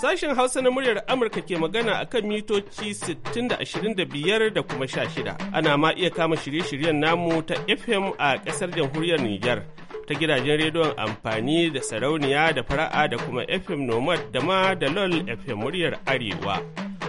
Sashen Hausa na muryar Amurka ke magana a kan mitoci 60 da kuma shida Ana ma iya kama shirye-shiryen namu ta FM a ƙasar jamhuriyar Nijar ta gidajen rediyon amfani da sarauniya da fara'a da kuma FM Nomad da ma da LOL FM muryar Arewa.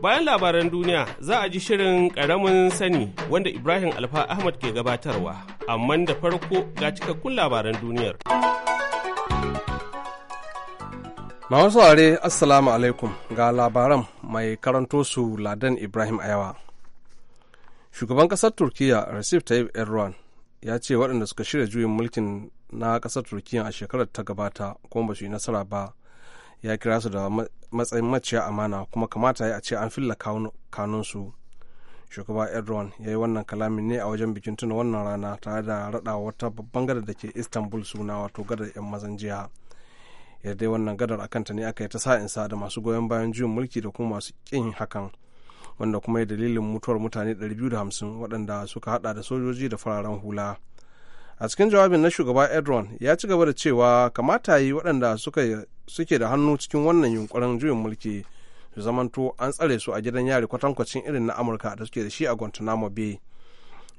Bayan labaran duniya za a ji shirin ƙaramin sani wanda Ibrahim Alfa Ahmad ke gabatarwa, amma da farko ga cikakkun labaran duniyar. Masu saurare Assalamu alaikum ga labaran mai karanto su Ladan Ibrahim Ayawa. Shugaban ƙasar Turkiyya Recep Tayyip Erdogan ya ce waɗanda suka shirya juyin mulkin na ƙasar Turkiyya a shekarar ta gabata kuma ba su yi nasara ba ya kira su da matsayin maciya amana kuma kamata ya ce an filla kanunsu shugaba erdogan ya yi wannan kalamin ne a wajen bikin tuna wannan rana tare da raɗawa wata babban gadar da ke istanbul suna wato gadar 'yan mazan jiha dai wannan gadar akan ta ne aka yi ta sa'insa da masu goyon bayan juyin mulki da kuma masu kin hakan wanda kuma ya dalilin mutuwar mutane 250 waɗanda suka hada da sojoji da fararen hula a cikin jawabin na shugaba edron ya ci gaba da cewa kamata yi waɗanda suke da hannu cikin wannan yunkurin juyin mulki su zamanto an tsare su a gidan yari kwatankwacin irin na amurka da suke da shi a guantanamo bay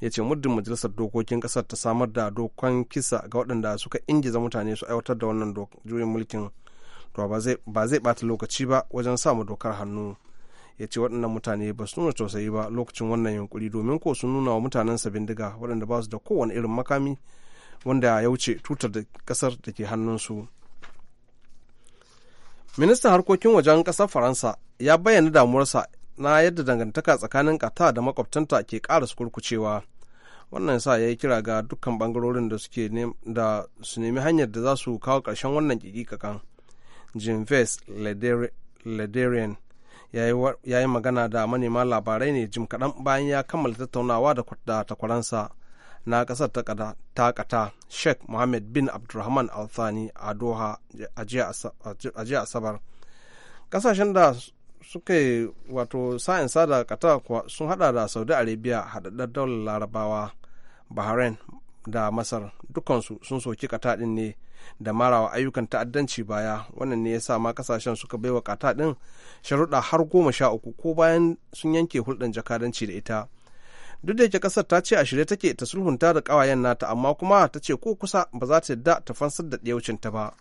ya ce muddin majalisar dokokin kasar ta samar da dokon kisa ga waɗanda suka ingiza mutane su aiwatar da wannan juyin mulkin to ba zai bata lokaci ba wajen samu dokar hannu ya ce waɗannan mutane ba su nuna tausayi ba lokacin wannan yunkuri domin ko su nuna wa mutanen bindiga waɗanda ba su da kowane irin makami wanda ya wuce tutar da kasar da ke hannunsu ministan harkokin wajen kasar faransa ya bayyana damuwarsa na yadda dangantaka tsakanin kata da makwabtanta ke ƙara su kurkucewa wannan sa ya yi kira ga dukkan bangarorin da suke da su nemi hanyar da za su kawo ƙarshen wannan kikikakan jim ves lederian ya yi magana da manema labarai ne jim kaɗan bayan ya kammala tattaunawa da takwaransa na ƙasar ta kata sheikh mohammed bin abdulrahman althani a doha a jiya asabar kasashen da suka yi wato sa'in sada kata sun hada da saudi arabia haɗaɗɗar daular larabawa bahrain da masar dukansu sun soki kata ɗin ne da marawa ayyukan ta'addanci baya wannan ne ya sa ma kasashen suka baiwa kata ɗin sharuɗa har goma sha uku ko bayan sun yanke hulɗar jakadanci da ita duk da yake kasar ta ce a shirye take ta sulhunta da kawayen nata amma kuma ta ce ko kusa ba za ta yadda ta fansar da ta ba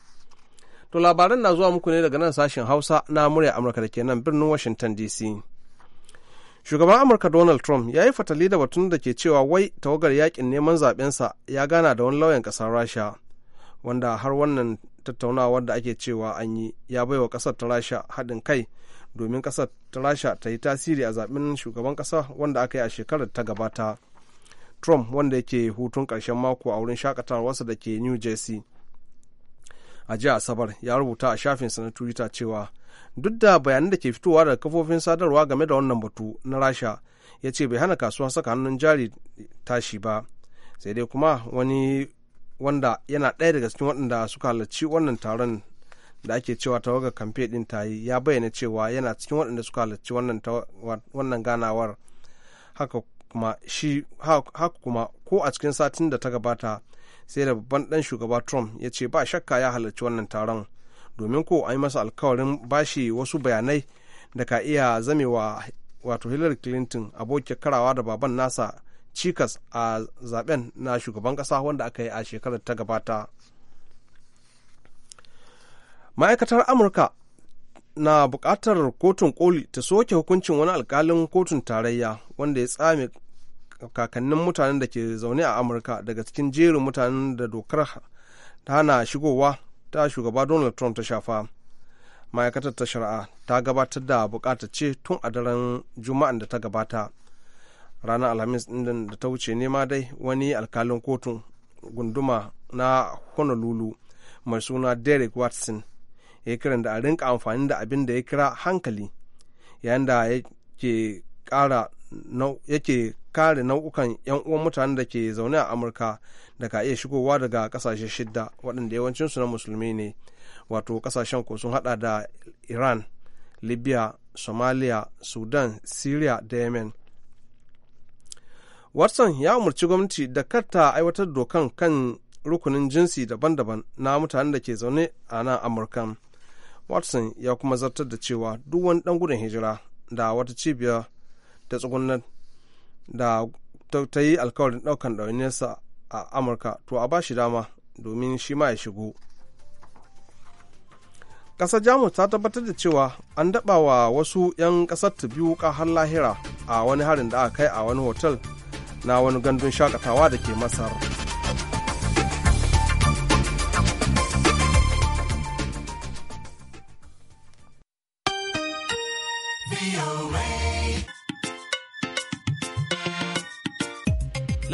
to labaran na zuwa muku ne daga nan sashen hausa na murya amurka da ke nan birnin washington dc shugaban amurka donald trump ya yi fatali da batun da ke cewa wai tawagar yakin neman zaɓensa ya gana da wani lauyan ƙasar rasha wanda har wannan tattaunawar da ake cewa an yi ya baiwa ƙasar ta rasha haɗin kai domin ƙasar ta rasha ta yi tasiri a zaben shugaban kasa wanda aka yi a shekarar ta gabata trump wanda yake hutun karshen mako a wurin shakatawarsa da ke new jersey a jiya asabar ya rubuta a shafinsa na twitter cewa duk da bayanan da ke fitowa daga kafofin sadarwa game da wannan batu na rasha ya ce bai hana kasuwa saka hannun jari tashi ba sai dai kuma wani wanda yana ɗaya daga cikin waɗanda suka halarci wannan taron da ake cewa tawagar kamfe din ta yi ya bayyana cewa yana cikin waɗanda suka halarci wannan ganawar haka kuma ko a cikin satin da ta gabata sai da babban dan shugaba trump ya ce ba shakka ya halarci wannan taron domin ko an yi masa alkawarin bashi wasu bayanai da ka iya zamewa wato hillary clinton abokin karawa da baban nasa cikas a zaben na shugaban ƙasa wanda aka yi a shekarar ta gabata ma'aikatar amurka na buƙatar kotun koli ta soke hukuncin wani alkalin kotun tarayya wanda ya tsame kakannin mutanen da ke zaune a amurka daga cikin jerin mutanen da dokar ta hana shigowa ta shugaba donald trump ta shafa ma'aikatar ta shari'a ta gabatar da bukata ce tun a daren juma'an da ta gabata ranar alhamis din da ta wuce ne ma dai wani alkalin kotun gunduma na honolulu mai suna derek watson ya kira da a rinka amfani da abin da ya kira hankali yayin da yake ke kare nau'ukan 'yan uwan mutanen da ke zaune a amurka da ka iya shigowa daga kasashe shidda waɗanda yawancinsu na musulmi ne wato kasashen ko sun hada da iran libya somalia sudan syria da yemen watson ya umarci gwamnati da karta aiwatar dokan kan rukunin jinsi daban-daban na mutanen da ke zaune a nan amurkan watson ya kuma zartar da cewa duk wani dan gudun hijira da wata cibiyar ta tsugunan da ta yi alkawarin daukan nesa a amurka to a ba shi dama domin shi ma ya shigo ƙasar jamus ta tabbatar da cewa an daɓa wa wasu 'yan ƙasar ta biyu har lahira a wani harin da aka kai a wani hotel na wani gandun shakatawa da ke masar.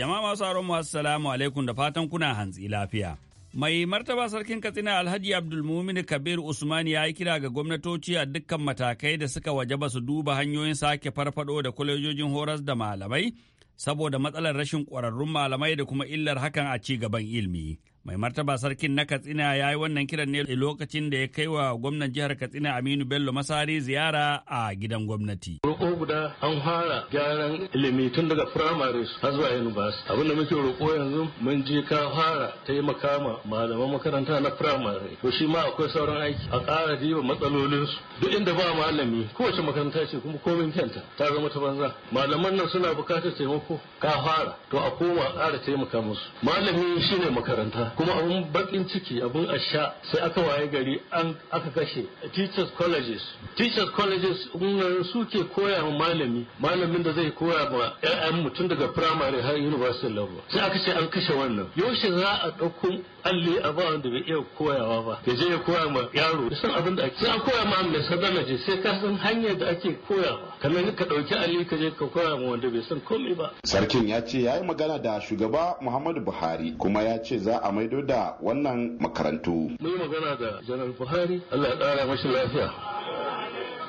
Jama'a masu aron mu assalamu alaikum da fatan kuna hantsi lafiya. Mai martaba sarkin Katsina Alhaji Abdulmumin Kabir Usman ya yi kira ga gwamnatoci a dukkan matakai da suka waje ba su duba hanyoyin sake farfado da kwalejojin horas da malamai saboda matsalar rashin ƙwararrun malamai da kuma illar hakan a ci gaban ilimi. mai martaba sarkin na katsina ya yi wannan kiran ne lokacin da ya kai wa gwamnan jihar katsina aminu bello masari ziyara a gidan gwamnati roƙo guda an fara gyaran ilimi tun daga firamare su har zuwa university abin da muke roƙo yanzu mun je ka fara taimaka ma malaman makaranta na firamare to shi ma akwai sauran aiki a ƙara jiba matsalolin su duk inda ba malami kowace makaranta ce kuma komin kyanta ta zama ta banza malaman nan suna buƙatar taimako ka fara to a koma a ƙara taimaka musu malami shine makaranta kuma abun bakin ciki abun a sha sai aka waye gari an aka kashe teachers colleges teachers colleges su ke koya ma malami malamin da zai koya ma ƴaƴan mutum daga primary har university level sai aka ce an kashe wannan yaushe za a ɗauko alli a ba wanda bai iya koyawa ba ya je ya koya ma yaro san abin da ake sai an koya ma mai sadanaje sai ka san hanyar da ake koyawa kamar ka ɗauki alli ka je ka koya ma wanda bai san komai ba sarkin ya ce ya yi magana da shugaba muhammadu buhari kuma ya ce za a maido da wannan makarantu. Mun magana da Janar Buhari, Allah ya ƙara mashi lafiya.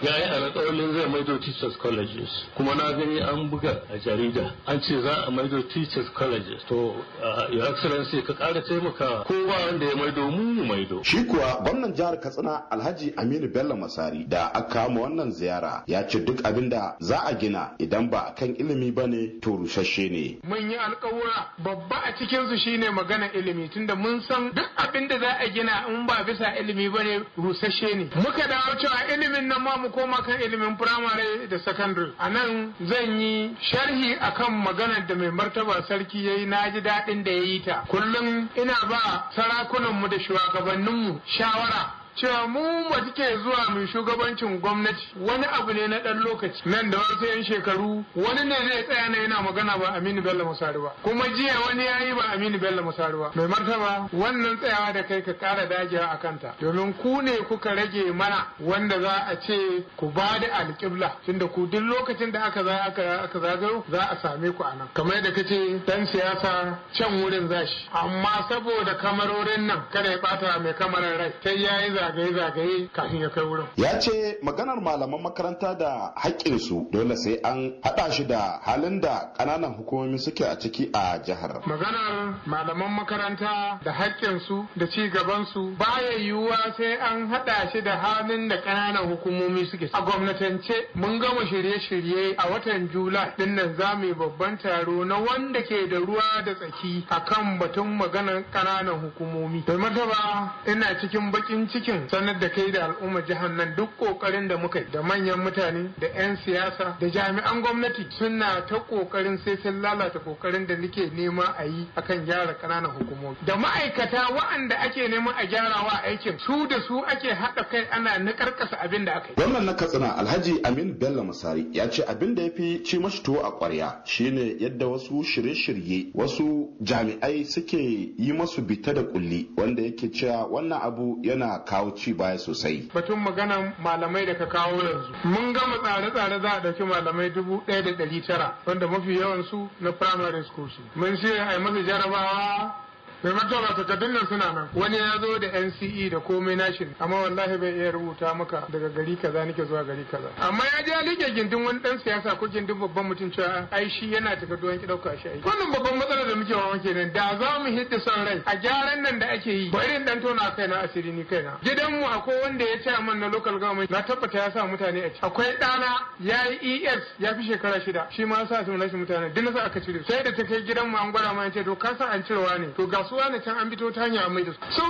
ya yi alƙawarin zai maido teachers colleges kuma na gani an buga a jarida an ce za a maido teachers colleges to uh, your excellency ka ƙara taimaka kowa wanda ya maido mu mu maido shi kuwa gwamnan jihar katsina alhaji aminu bello masari da aka kama wannan ziyara ya ce duk abin da za a gina idan ba kan ilimi ba ne to rusasshe ne mun yi alƙawura babba a cikin su shine magana ilimi tunda mun san duk abin da za a gina in ba bisa ilimi ba ne ne muka dawo cewa ilimin nan ma mu koma kan ilimin firamare da sakandare a nan zan yi sharhi akan maganar da mai martaba sarki ya yi na ji daɗin da ya yi ta kullum ina ba sarakunanmu da shugabanninmu shawara cewa mu ba zuwa mai shugabancin gwamnati wani abu ne na ɗan lokaci nan da wasu 'yan shekaru wani ne zai tsaya na yana magana ba Aminu Bello Musari ba kuma jiya wani ya yi ba Aminu Bello Musari ba mai martaba wannan tsayawa da kai ka kara dagewa a kanta domin ku ne kuka rage mana wanda za a ce ku ba da alƙibla tunda ku duk lokacin da aka za zagayo za a same ku a nan kamar yadda kace dan siyasa can wurin zashi amma saboda kamarorin nan kada ya bata mai kamarar rai sai yayi za zagaye-zagaye kafin ya kai wurin. Ya ce maganar malaman makaranta da haƙƙinsu dole sai an haɗa shi da halin da ƙananan hukumomi suke a ciki a jihar. Maganar malaman makaranta da haƙƙinsu da ci gabansu baya yiwuwa sai an haɗa shi da halin da ƙananan hukumomi suke. A gwamnatance mun gama shirye-shirye a watan jula ɗin nan za mu yi babban taro na wanda ke da ruwa da tsaki akan batun maganar ƙananan hukumomi. Da martaba ina cikin baƙin ciki rashin sanar da kai da al'umma jihar nan duk kokarin da muka yi da manyan mutane da 'yan siyasa da jami'an gwamnati suna ta kokarin sai sun lalata kokarin da nake nema a yi akan gyara ƙananan hukumomi da ma'aikata wa'anda ake neman a gyarawa aikin su da su ake haɗa kai ana nakarkasa abin da aka yi. Gwamnan na Katsina Alhaji Amin Bello Masari ya ce abin da ya fi ci mashi tuwo a ƙwarya shine yadda wasu shirye-shirye wasu jami'ai suke yi masu bita da kulli wanda yake cewa wannan abu yana kawo kawo ci baya sosai. Batun magana malamai da ka kawo yanzu. Mun gama tsare-tsare za a ɗauki malamai dubu ɗaya da ɗari tara wanda mafi yawan su na primary school Mun shirya a yi masa jarabawa mai martaba takardun nan suna nan wani ya zo da NCE da komai nashin amma wallahi bai iya rubuta maka daga gari kaza nake zuwa gari kaza amma ya ji alike gindin wani dan siyasa ko gindin babban mutum cewa ai shi yana takardu duwan ki dauka shi ai wannan babban matsalar da muke wawan kenan da za mu hidda son rai a gyaran nan da ake yi bari in dan tona na asiri ni kaina gidan mu akwai wanda ya ce man na local government na tabbata ya sa mutane a ciki akwai dana ya yi ES ya fi shekara shida shi ma ya sa su rashin mutane duk na sa aka cire sai da ta kai gidan mu an gwada ma ya ce to ka sa an cirewa ne to gas kasuwa wani can an fito ta hanya mai da su so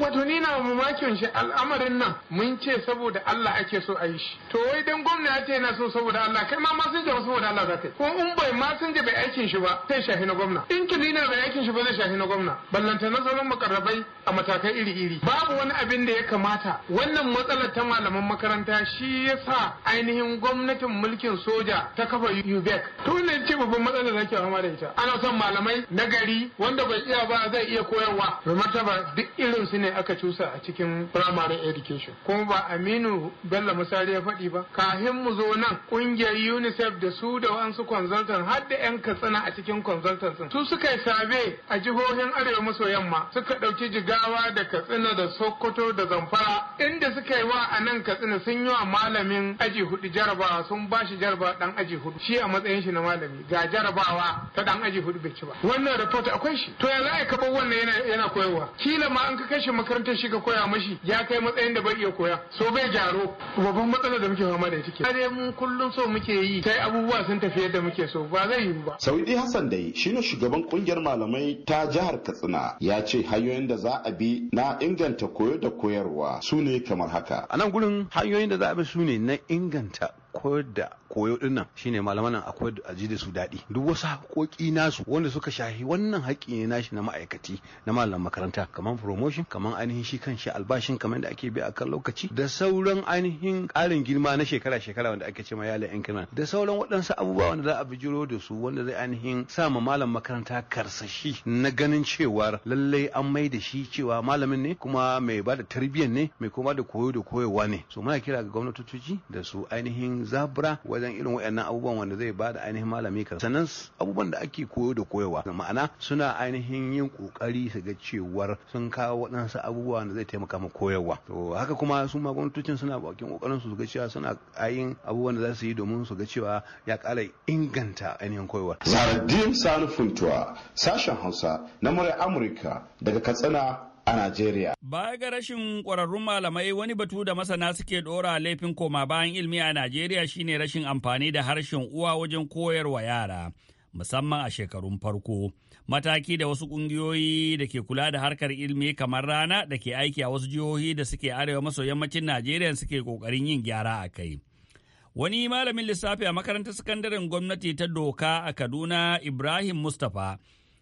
wato ni na mamakin shi al'amarin nan mun ce saboda Allah ake so a yi shi to wai dan gwamna ya ce yana so saboda Allah kai ma masinja ba saboda Allah zaka yi ko in bai masinja bai aikin shi ba zai shafi na gwamna in kilina bai aikin shi ba zai shafi na gwamna ballanta na sauran makarrabai a matakai iri-iri babu wani abin da ya kamata wannan matsalar ta malaman makaranta shi ya sa ainihin gwamnatin mulkin soja ta kafa UBEC to ne ce babban matsalar da ke fama da ita ana son malamai na gari wanda bai iya ba zai zai iya koyarwa da duk irin su ne aka cusa a cikin primary education kuma ba aminu bello misali ya faɗi ba kahin mu zo nan ƙungiyar unicef da su da wasu consultant har da yan katsina a cikin consultant su suka yi sabe a jihohin arewa maso yamma suka ɗauki jigawa da katsina da sokoto da zamfara inda suka yi wa a nan katsina sun yi wa malamin aji hudu jarabawa sun ba shi jarabawa dan aji hudu shi a matsayin shi na malami ga jarabawa ta ɗan aji hudu bai ci ba wannan report akwai shi to ya za a kaba kowanne yana yana koyarwa kila ma an ka kashe makarantar shi ka koya mashi ya kai matsayin da bai iya koya so bai gyaro babban matsalar da muke fama da ita ke kare mu kullum so muke yi sai abubuwa sun tafi yadda muke so ba zai yi ba saudi hassan dai shine shugaban kungiyar malamai ta jihar katsina ya ce hanyoyin da za a bi na inganta koyo da koyarwa su ne kamar haka a nan gurin hanyoyin da za a bi su ne na inganta koyar da koyo dinnan shine malaman nan akwai aji da su daɗi duk wasu haƙoƙi nasu wanda suka shahi wannan haƙƙi ne nashi na ma'aikaci na malaman makaranta kaman promotion kaman ainihin shi kan shi albashin kamar da ake bi a kan lokaci da sauran ainihin ƙarin girma na shekara-shekara wanda ake ce ma yala yan kanan da sauran waɗansu abubuwa wanda za a bijiro da su wanda zai ainihin sa ma malam makaranta karsashi na ganin cewa lallai an mai da shi cewa malamin ne kuma mai bada da ne mai kuma da koyo da koyowa ne so muna kira ga gwamnatoci da su ainihin zabura wajen wajen irin wayannan abubuwan wanda zai ba da ainihin malami ka sannan abubuwan da ake koyo da koyawa ma'ana suna ainihin yin kokari su ga cewar sun kawo waɗansu abubuwa da zai taimaka ma koyarwa to haka kuma su ma gwamnatocin suna bakin kokarin su ga cewa suna ayin abubuwan da za su yi domin su ga cewa ya ƙara inganta ainihin koyarwa Saradin Sani sashen Hausa na murya Amurka daga Katsina a Najeriya. Baya ga rashin ƙwararrun malamai wani batu da masana suke ɗora laifin koma bayan ilimi a Najeriya shine rashin amfani da harshen uwa wajen koyarwa yara, musamman a shekarun farko. Mataki da wasu ƙungiyoyi da ke kula da harkar ilimi kamar rana da ke aiki a wasu jihohi da suke arewa maso yammacin Najeriya suke ƙoƙarin yin gyara a kai. Wani malamin lissafi a makarantar sakandaren gwamnati ta doka a Kaduna Ibrahim Mustapha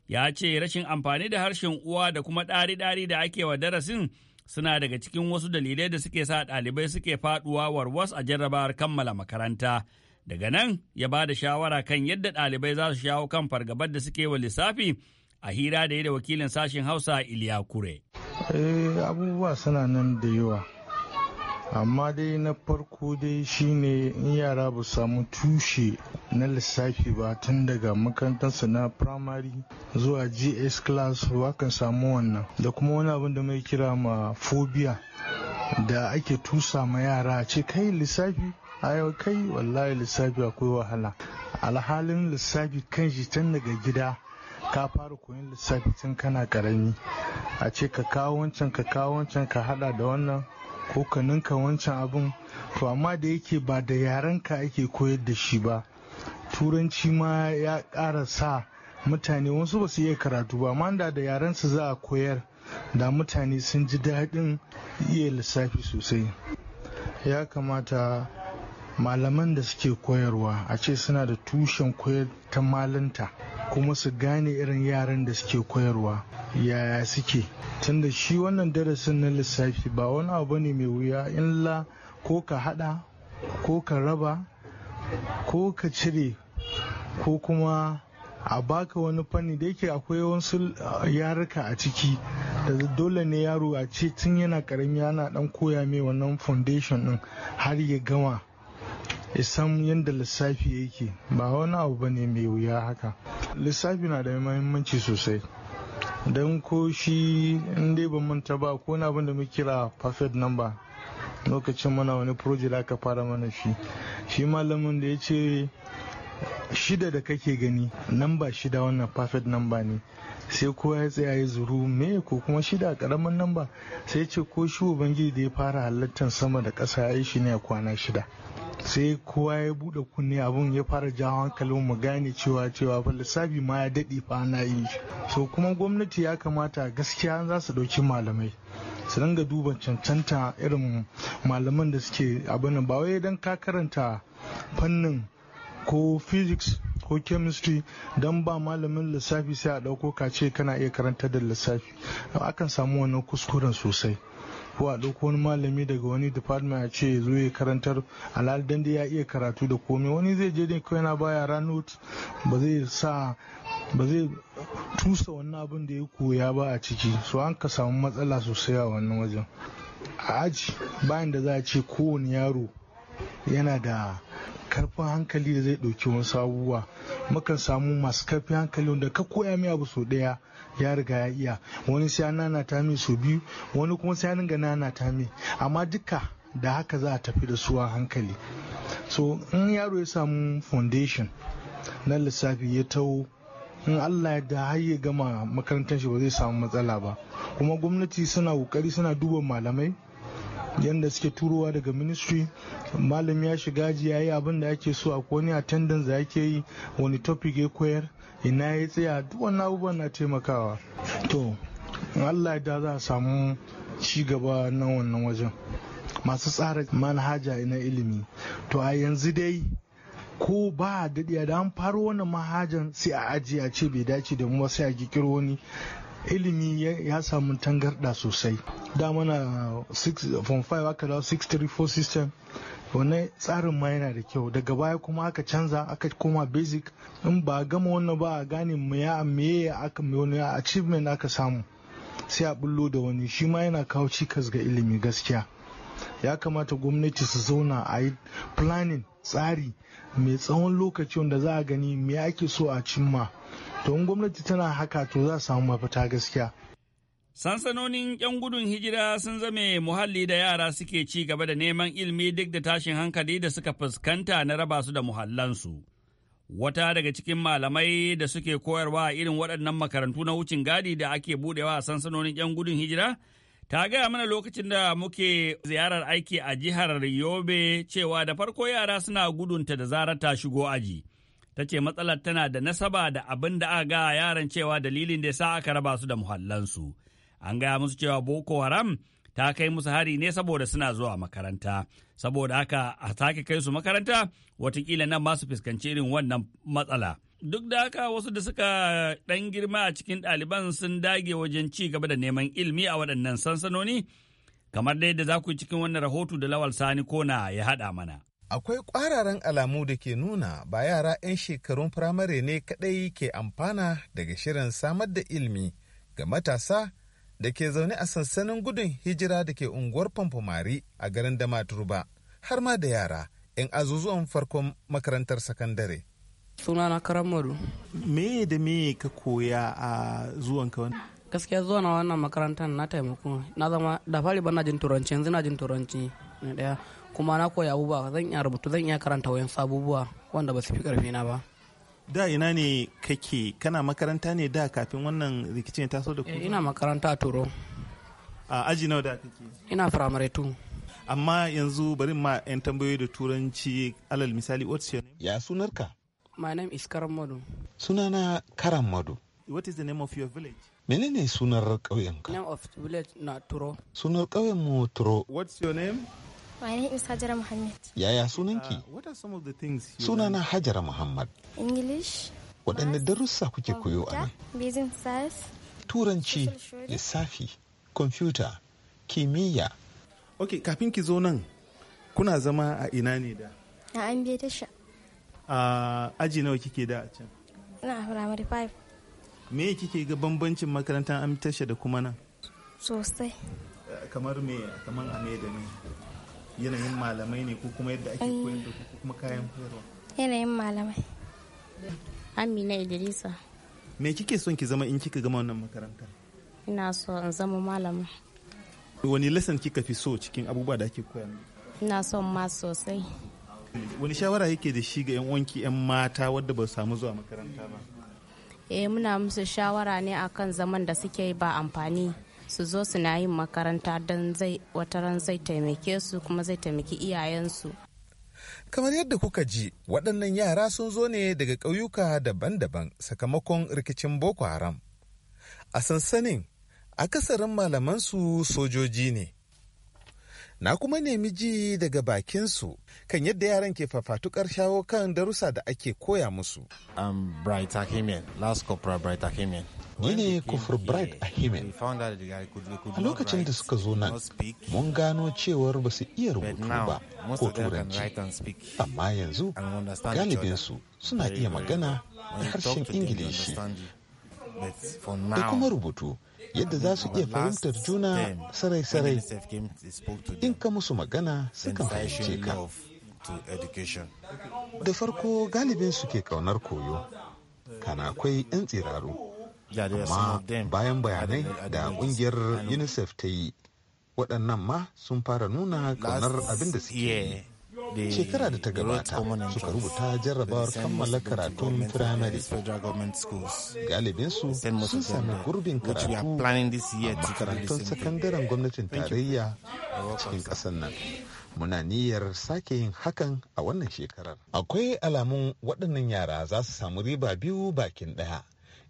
ya ce rashin amfani da harshen uwa da kuma ɗari-ɗari da ake wa darasin suna daga cikin wasu dalilai da suke sa ɗalibai suke faɗuwa warwas a jarrabawar kammala makaranta. Daga nan ya ba da shawara kan yadda ɗalibai za su shawo kan fargabar da suke wa lissafi a hira da ya da wakilin sashen Hausa Iliya Kure. Eh, abubuwa suna nan da yawa. amma dai na farko dai shine in yara ba samu tushe na lissafi ba tun daga makarantarsa na primary zuwa gs class ba kan samu wannan da kuma wani abin da mai kira ma phobia da ake tusa ma yara ce kai lissafi ayo kai wallahi lissafi akwai wahala alhalin lissafi kan shi tun daga gida ka fara koyon lissafi tun kana karami a ce ka kawo wancan ka kawo wancan ka hada da wannan ko ka ninka wancan abin to amma da yake ba da yarenka ake koyar da shi ba turanci ma ya ƙara sa mutane wasu ba su iya karatu ba amma da da su za a koyar da mutane sun ji daɗin iya lissafi sosai ya kamata malaman da suke koyarwa a ce suna da tushen koyar ta malanta kuma su gane irin yaran da suke koyarwa yaya suke tunda shi wannan darasin na lissafi ba wani abu ne mai wuya In la, ko ka hada ko ka raba ko ka cire ko kuma a baka wani fanni da yake akwai wasu uh, yaruka a ciki da dole ne yaro a ce tun yana karami yana dan koya mai wannan foundation din har ya gama isan yadda lissafi yake ba wani abu bane mai wuya haka lissafi na da mahimmanci sosai don ko shi inda ban manta ba ko na abin da muke kira perfect number lokacin mana wani project aka fara mana shi shi malamin da ya ce shida da kake gani namba shida wannan perfect number ne sai kowa ya tsaya ya zuru me ko kuma shida karamin namba sai ce ko shi ubangiji da ya fara halittar sama da ƙasa ya yi shi ne a kwana shida sai kowa ya bude kunne abun ya fara ja hankalin mu gane cewa cewa fa lissafi ma ya dade fa ana yi so kuma gwamnati ya kamata gaskiya za su dauki malamai su dinga duba cancanta irin malaman da suke abin ba wai dan ka karanta fannin ko physics ko chemistry don ba malamin lissafi sai a ɗauko ka ce kana iya karanta da lissafi akan samu wannan kuskuren sosai ko a ɗauko wani malami daga wani department a ce zo ya karantar alhali dan ya iya karatu da komai wani zai je ne kawai na ba yara ba zai sa ba zai tusa wannan abin da ya koya ba a ciki so an ka samu matsala sosai a wannan wajen a aji bayan da za a ce kowane yaro yana da karfin hankali da zai ɗauki wasu abubuwa mukan samu masu karfin hankali wanda ka koya mai abu sau ɗaya ya riga ya iya wani sai nana ta mai sau biyu wani kuma sai ga nana ta mai amma duka da haka za a tafi da su a hankali so in yaro ya samu foundation na lissafi ya taho in Allah da har ya gama makarantar shi ba zai samu matsala ba kuma gwamnati suna kokari suna duba malamai yadda suke turowa daga ministry malam ya shiga ji ya yi abin da ake so akwai wani attendance da ake yi wani topic ya koyar ina ya tsaya duk wani abubuwan na taimakawa to allah da za a samu ci gaba na wannan wajen masu tsara manhaja na ilimi to a yanzu dai ko ba daɗi da an faro wannan mahajan sai a ajiye a ce bai dace da mu sai a kikiro wani ilimi ya samu tangarda sosai da mana 6.5 5 aka dawo 634 system wannan tsarin ma yana da kyau daga baya kuma aka canza aka koma basic in ba gama wannan ba a gane ya meye aka wani achievement aka samu sai a bullo da wani shi ma yana kawo cikas ga ilimi gaskiya ya kamata gwamnati su zauna a yi planning tsari mai tsawon lokaci wanda za a gani me ake so a cimma in gwamnati tana haka to za a samu mafita gaskiya sansanonin 'yan gudun hijira sun zame muhalli da yara suke ci gaba da neman ilimi duk da tashin hankali da suka fuskanta na raba su da muhallansu wata daga cikin malamai da suke koyarwa a irin waɗannan makarantu na wucin gadi da ake budewa a sansanonin 'yan gudun hijira ta gaya mana lokacin da muke ziyarar aiki a jihar Yobe cewa da farko yara suna gudunta da zarar ta shigo aji. Ta ce matsalar tana da nasaba da abin da aka ga yaran cewa dalilin da sa aka raba su da muhallansu. An gaya musu cewa Boko Haram ta kai musu hari ne saboda suna zuwa makaranta. Saboda haka a sake kai su makaranta watakila nan ma su fuskanci irin wannan matsala. Duk da haka wasu da suka ɗan girma a cikin ɗaliban sun dage wajen ci gaba da neman ilmi a waɗannan sansanoni, kamar dai da za ku cikin wannan rahoto da Lawal Sani Kona ya haɗa mana. Akwai ƙwararan alamu da ke nuna ba yara 'yan shekarun firamare ne kaɗai ke amfana daga shirin samar da ilmi ga matasa da ke zaune a sansanin gudun hijira da ke unguwar pamfumari a garin damaturu ba, har ma da yara 'yan azuzuwan farkon makarantar sakandare. Suna sunana karammaru me da me ka koya a zuwanka wani gaskiya zuwa na wannan makarantar na taimako na zama da fari ba na jin turanci yanzu na jin turanci na daya kuma na koya abubuwa zan iya rubutu zan iya karanta wayan sabubuwa wanda ba su fi karfi na ba da ina ne kake kana makaranta ne da kafin wannan rikicin ya taso da ku eh, ina makaranta a turo a aji nawa da kake ina primary 2 amma yanzu bari ma yan tambayoyi da turanci alal misali what's your name ya sunarka My name is Karam Madu. Sunana Karam Madu. What is the name of your village? Menene sunar ƙauyenka? Name of village na Turo. Sunar ƙauyen mu Turo. What's your name? My name is Hajara Muhammad. Yaya sunanki? Uh, what are some of the things you Sunana Hajara Muhammad. English. Waɗanne darussa kuke koyo a nan? Business science. Turanci, lissafi, computer, kimiyya. Okay, kafin ki zo nan, kuna zama a ina ne da? A an tasha. a aji nawa kike da a can Na firamare 5 me kike ga bambancin makarantar amtasha da kuma nan sosai kamar me kamar a me da ne? yanayin malamai ne ko kuma yadda ake koyar da ko kuma kayan koyarwa yanayin malamai amina idrisa me kike son ki zama in kika gama wannan makaranta. ina so in zama malama wani lesson kika fi so cikin abubuwa da ake koyarwa ina son ma sosai wani shawara yake da shi ga 'yan wanki 'yan mata wadda ba samu zuwa makaranta ba eh muna musu shawara ne akan zaman da suke ba amfani su zo su na yin makaranta don zai wataran zai taimake su kuma zai taimaki iyayensu kamar yadda kuka ji waɗannan yara sun zo ne daga ƙauyuka daban-daban sakamakon rikicin boko haram a sansanin akasarin malamansu sojoji ne na kuma nemi ji daga bakinsu kan yadda yaran ke fafatukar shawo kan darussa da ake koya musu. I'm Bright Ahimen, last copra Bright Ahimen. Ni ne kufur Bright Ahimen. A lokacin da suka zo nan, mun gano cewar ba su iya rubutu ba ko turanci. Amma yanzu galibinsu suna iya magana da harshen Ingilishi da kuma rubutu. yadda za su iya fahimtar juna sarai-sarai in ka musu magana sukan fahimce ka da farko galibin suke ke kaunar koyo kana akwai 'yan tsiraru amma bayan bayanai da kungiyar unicef ta yi waɗannan ma sun fara nuna kaunar abin da suke shekara da ta gabata suka rubuta jarrabawar kammala karatun firamare galibinsu sun sami gurbin karatu a makarantun sakandaren gwamnatin tarayya a cikin kasar nan muna niyyar sake yin hakan a wannan shekarar akwai alamun waɗannan yara za su samu riba biyu bakin ɗaya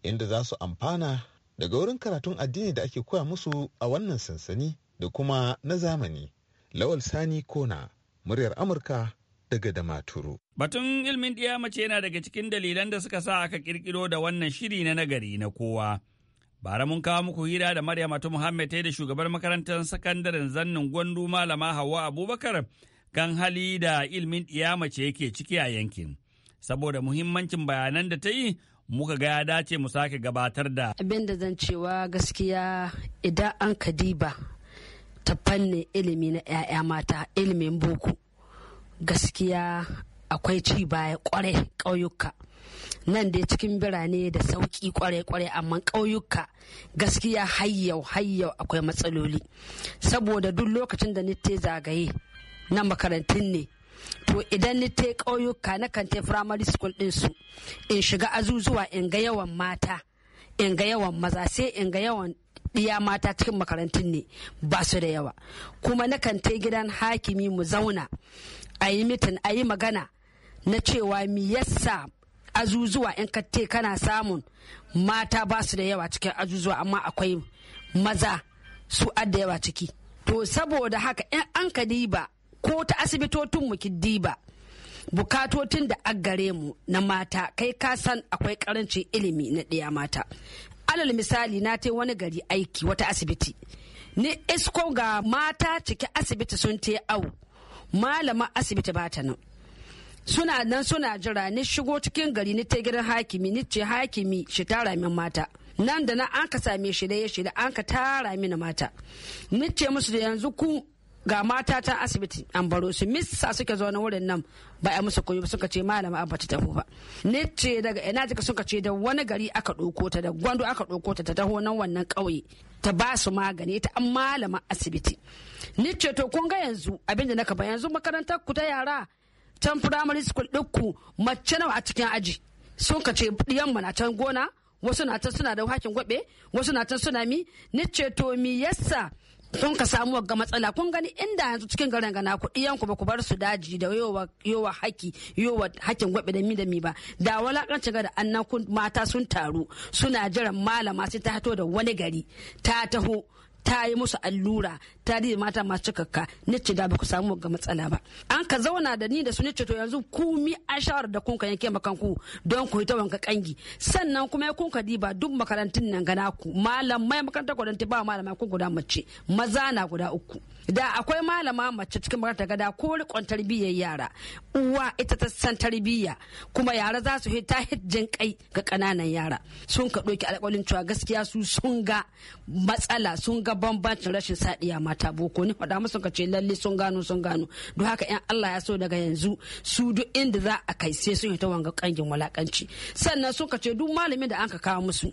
inda za su amfana daga wurin karatun addini da ake koya musu a wannan sansani da kuma na zamani lawal sani kona muryar Amurka daga Damaturu. Batun ilmin ɗiya mace yana daga cikin dalilan da suka sa aka ƙirƙiro da wannan shiri na nagari na kowa. Bara mun kawo muku hira da Maryam Atu Muhammad da shugabar makarantar sakandaren zannin gwandu Malama Hauwa Abubakar kan hali da ilmin ɗiya mace yake ciki a yankin. Saboda muhimmancin bayanan da ta yi, muka ga ya dace mu sake gabatar da. Abin da zan cewa gaskiya idan an kadiba ta fannin ilimi na 'ya'ya mata ilimin boko gaskiya akwai ci baya kwarai ƙauyuka nan dai cikin birane da sauƙi kwarai-kwarai amma ƙauyuka gaskiya hayyau hayyau akwai matsaloli saboda duk lokacin da nite zagaye na makarantun ne to idan nite ƙauyuka na kan te primary school ɗinsu in shiga azuzuwa in ga yawan mata in ga yawan maza sai in ga yawan ɗiya mata cikin makarantun ne ba su da yawa kuma na kan gidan hakimi mu zauna a yi mitin a yi magana na cewa mi yasa azuzuwa in ka kana samun mata ba su da yawa cikin azuzuwa amma akwai maza su adda yawa ciki to saboda haka in an ka diba ko ta asibitotin mu ki diba bukatotin da a gare mu na mata kai ka san akwai karancin ilimi na ɗaya mata alal misali na ta wani gari aiki wata asibiti ni isko ga mata ciki asibiti sun te au malama asibiti ba ta nan suna nan suna jira ni shigo cikin gari ni ta gidan hakimi ni ce hakimi shi tara min mata nan da na an ka same shi da ya shi da an ka tara mini mata ni ce musu da yanzu ku ga mata ta asibiti an baro su missa suke zo na wurin nan ba a musu koyo suka ce malama abba ta taho ba ne ce daga ina jika suka ce da wani gari aka ɗauko ta da gwando aka ɗauko ta ta taho nan wannan ƙauye ta ba su magani ta an malama asibiti ni ce to kun ga yanzu abinda na ba yanzu makarantar ku ta yara can primary school ɗinku mace nawa a cikin aji sun ka ce yamma na can gona wasu na can suna da hakin gwabe wasu na can suna mi ni ce to mi yasa sun ka samu ga matsala kun gani inda yanzu cikin garin gana ku yanku ba ku bar su daji da yowa yowa haki yowa hakin gwabe da mi da mi ba da ga da annan mata sun taru suna jiran malama sai ta hato da wani gari ta taho ta yi musu allura ta da mata masu cikakka ni ce da ba ku samu ga matsala ba an ka zauna da ni da su ni ce to yanzu ku mi a shawar da kun ka yanke makanku don ku ta wanka kangi sannan kuma kun ka diba duk makarantun nan gana ku malamai makaranta gwadanta ba malamai kun guda mace maza na guda uku da akwai malama mace cikin makaranta gada ko rikon tarbiyyar yara uwa ita ta san tarbiyya kuma yara za su ta hijjin kai ga kananan yara sun ka ɗauki alƙalin cewa gaskiya su sun ga matsala sun ga bambancin rashin sadiya mata boko ne faɗa musu ka ce lalle sun gano sun gano don haka yan Allah ya so daga yanzu su duk inda za a kai sai sun yi ta wanga kangin walakanci sannan sun ka ce duk malamin da an ka kawo musu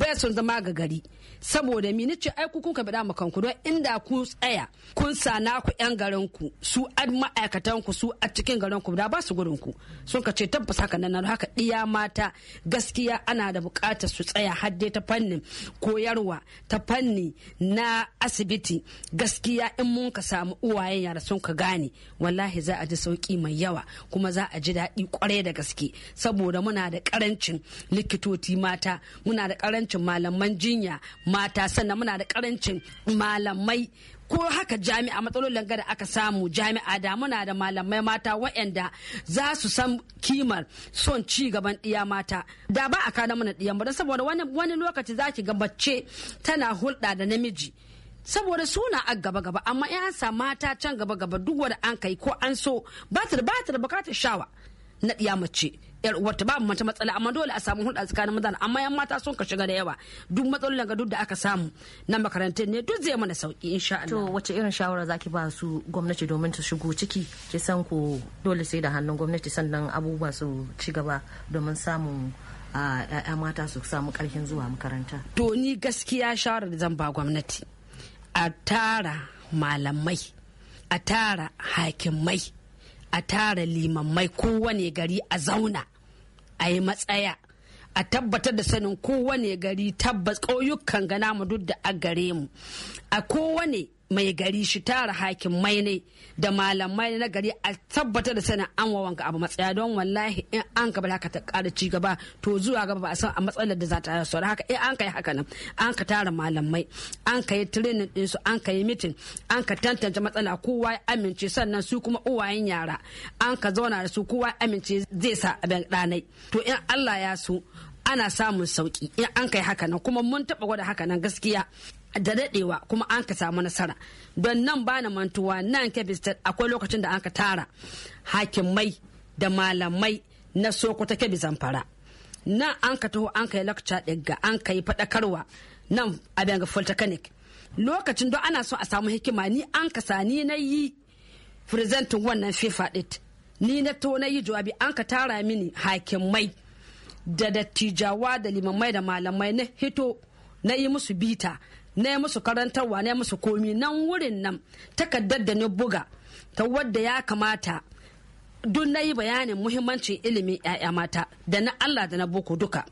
bai sun zama ga gari saboda mi ni ce ai ku kun ka bada ma ku don inda ku tsaya kun sana ku yan garin ku su ad ma'aikatan ku su a cikin garin ku da ba su gurin ku sun ka ce tabbas haka nan haka diya mata gaskiya ana da bukatar su tsaya har dai ta fannin koyarwa ta fanni na asibiti gaskiya in mun ka samu uwayen yara sun ka gane wallahi za a ji sauki mai yawa kuma za a ji daɗi kwarai da gaske saboda muna da karancin likitoci mata muna da karancin malaman jinya mata sannan muna da karancin malamai ko haka jami'a matsalolin da aka samu jami'a da muna da malamai mata waɗanda za su san kimar son ci gaban ɗiya mata da ba a kana mana ɗiyan ba saboda wani lokaci za ki ga tana hulɗa da namiji saboda suna a gaba gaba amma in mata can gaba gaba duk wanda an kai ko an so ba ta bukatar shawa na ɗiya mace yar uwarta babu mace matsala amma dole a samu hulɗa tsakanin mazan amma yan mata sun ka shiga da yawa duk matsalolin ga duk da aka samu na makarantar ne duk zai mana sauki insha Allah to wace irin shawara zaki ba su gwamnati domin ta shigo ciki ki san ko dole sai da hannun gwamnati sannan abubuwa su ci gaba domin samun a mata su samu karfin zuwa makaranta to ni gaskiya shawara da zan ba gwamnati a tara malamai a tara hakimai a tara limammai kowane gari a zauna a yi matsaya a tabbatar da sanin kowane gari tabbas ƙauyukan gana mu duk da a gare mu a kowane mai gari shi tara hakimai ne da malamai na gari a tabbatar da sanin an wanka abu matsaya don wallahi in an ka haka ta ƙara ci gaba to zuwa gaba ba a san a matsalar da za ta rasu haka in an ka yi haka nan an ka tara malamai an ka yi training din su an ka yi mitin an ka tantance matsala kowa ya amince sannan su kuma uwayen yara an ka zauna da su kowa ya amince zai sa abin ɗanai to in Allah ya so ana samun sauki in an kai haka nan kuma mun taɓa gwada haka nan gaskiya da daɗewa kuma an ka samu nasara don nan ba na mantuwa nan kebbi akwai lokacin da an ka tara hakimai da malamai na sokoto kebbi zamfara nan an ka taho an ka yi lakca ɗigga an ka yi faɗakarwa nan a benga fultakanik lokacin don ana so a samu hikima ni an ka sa ni na yi firizantin wannan fifa ɗit ni na to na yi jawabi an ka tara mini hakimai da dattijawa da limamai da malamai na hito na yi musu bita na musu karantarwa na musu komi nan wurin nan takardar da ni buga ta wadda ya kamata duk na yi bayanin muhimmancin ilimin 'ya'ya mata da na Allah da na boko duka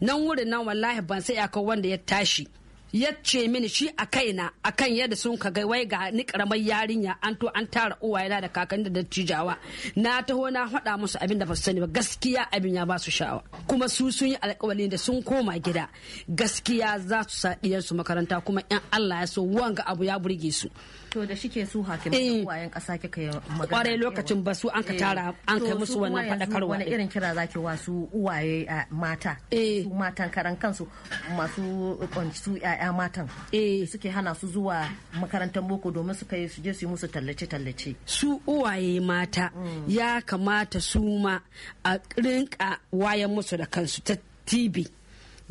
nan wurin nan wallahi ban sai akwai wanda ya tashi ya ce mini shi a kaina a kan yadda sun ka ga wai ga ni karamar yarinya an to an tara uwaye da kakanni da dattijawa na taho na faɗa musu abin da basu sani ba gaskiya abin ya ba su sha'awa kuma su sun yi alƙawari da sun koma gida gaskiya za su sa su makaranta kuma in Allah ya so wanga abu ya burge su to da shike su hakimai eh. uwayen kasa kika yi magana kwarai lokacin ba su an ka eh. tara an kai musu wannan fadakarwa wani irin kira zaki wa su uwaye mata eh. su matan karan kansu masu su yaya matan suke hana su zuwa makarantar boko domin su kai su je su yi musu tallace tallace su uwaye mata mm. ya kamata su ma a rinka wayan musu da kansu ta tv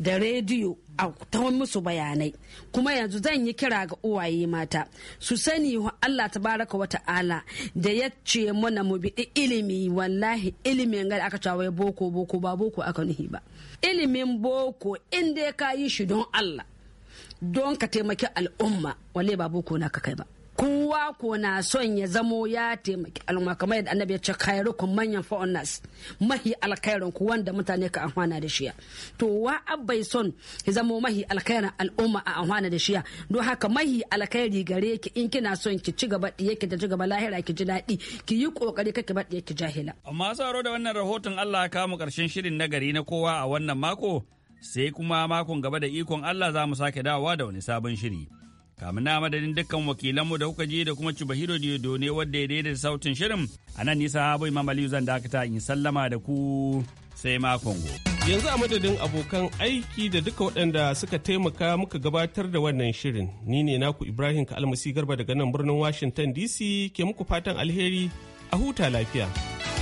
da rediyo a tawon musu bayanai kuma yanzu zan yi kira ga uwaye mata su sani Allah tabaraka wa ta'ala da ya ce mana mu bi ilimi wallahi ilimin ga aka cewa boko boko ba boko aka nuhi ba ilimin boko inda ka yi shi don Allah don ka taimaki al'umma wale ba boko na ka kai ba kowa ko na son ya zamo ya taimaki al'umma kamar yadda annabi ya ce khairukum manyan fa'onnas mahi alkhairin ku wanda mutane ka amfana da shiya to wa bai son ya zamo mahi alkhairin al'umma a amfana da shiya don haka mahi alkhairi gare ki in kina son ki ci gaba diye ki ci gaba lahira ki ji daɗi ki yi kokari kake ba diye ki jahila amma saro da wannan rahoton Allah ya kawo karshen shirin nagari na kowa a wannan mako sai kuma makon gaba da ikon Allah za mu sake dawowa da wani sabon shiri. kamun na madadin dukkan wakilanmu da kuka je da kuma Cibahiro Diodo ne wadda ya daidaita sautin shirin a nan nisa bai mamali zan dakata in sallama da ku sai makon go. Yanzu a madadin abokan aiki da duka waɗanda suka taimaka muka gabatar da wannan shirin ni ne naku Ibrahim Kalmasi Garba daga nan birnin Washington DC ke muku fatan alheri a huta lafiya.